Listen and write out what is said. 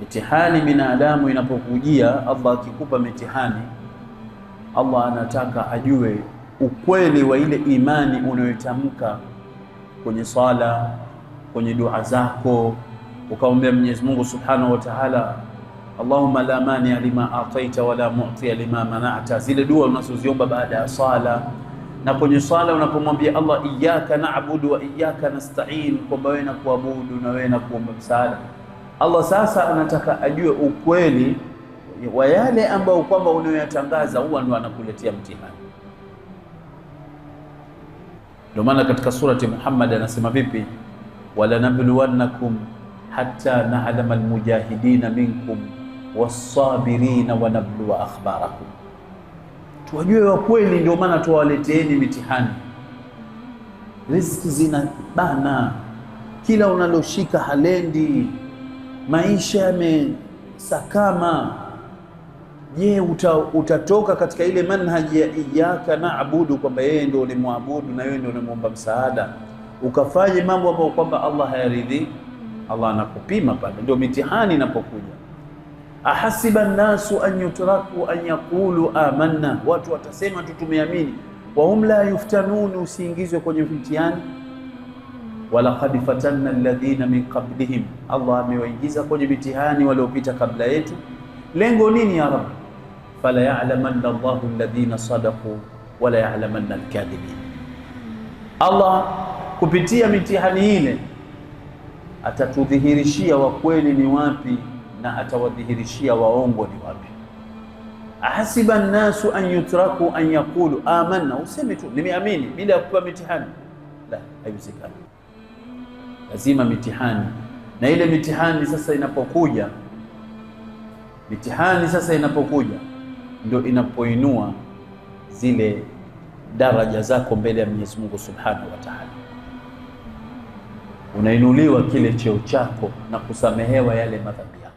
Mitihani binadamu inapokujia, Allah akikupa mitihani, Allah anataka ajue ukweli wa ile imani unayotamka kwenye swala, kwenye dua zako, ukamwambia Mwenyezi Mungu Subhanahu wa Ta'ala, Allahumma la mania lima ataita wala mu'tia lima mana'ta, zile dua unazoziomba baada ya sala na kwenye swala unapomwambia Allah iyyaka na'budu wa iyyaka nasta'in, kwamba wewe na kuabudu na wewe na kuomba msaada Allah sasa anataka ajue ukweli wa yale ambayo kwamba unayoyatangaza huwa ndio anakuletea mtihani. Ndio maana katika surati Muhammad anasema vipi, walanabluwannakum hatta naalama almujahidina minkum wassabirina wanabluwa akhbarakum, tuwajue wa kweli. Ndio maana tuwaleteeni mitihani. Riziki zinabana, kila unaloshika halendi maisha yamesakama, je, uta, utatoka katika ile manhaji ya iyaka naabudu, kwamba yeye ndio ulimwabudu na yeye ndio ulimwomba msaada, ukafanye mambo ambayo kwamba Allah hayaridhi? Allah anakupima pale, ndio mitihani inapokuja. ahasiba nnasu an yutraku an yaqulu amanna, watu watasema tu tumeamini, wa hum la yuftanun, usiingizwe kwenye mtihani walaqad fatanna alladhina min qablihim, Allah amewaingiza kwenye mitihani waliopita kabla yetu. Lengo nini ya Rabbi? fala ya'lamanna Allahu alladhina sadaqu wala ya'lamanna alkadhibin. Allah kupitia mitihani ile atatudhihirishia wakweli ni wapi na atawadhihirishia waongo ni wapi. ahasiba nnasu an yutraku an yaqulu amanna, useme tu nimeamini bila ya kupewa mitihani. La, haiwezekani lazima mitihani. Na ile mitihani sasa inapokuja, mitihani sasa inapokuja ndio inapoinua zile daraja zako mbele ya Mwenyezi Mungu Subhanahu wa Ta'ala, unainuliwa kile cheo chako na kusamehewa yale madhambi.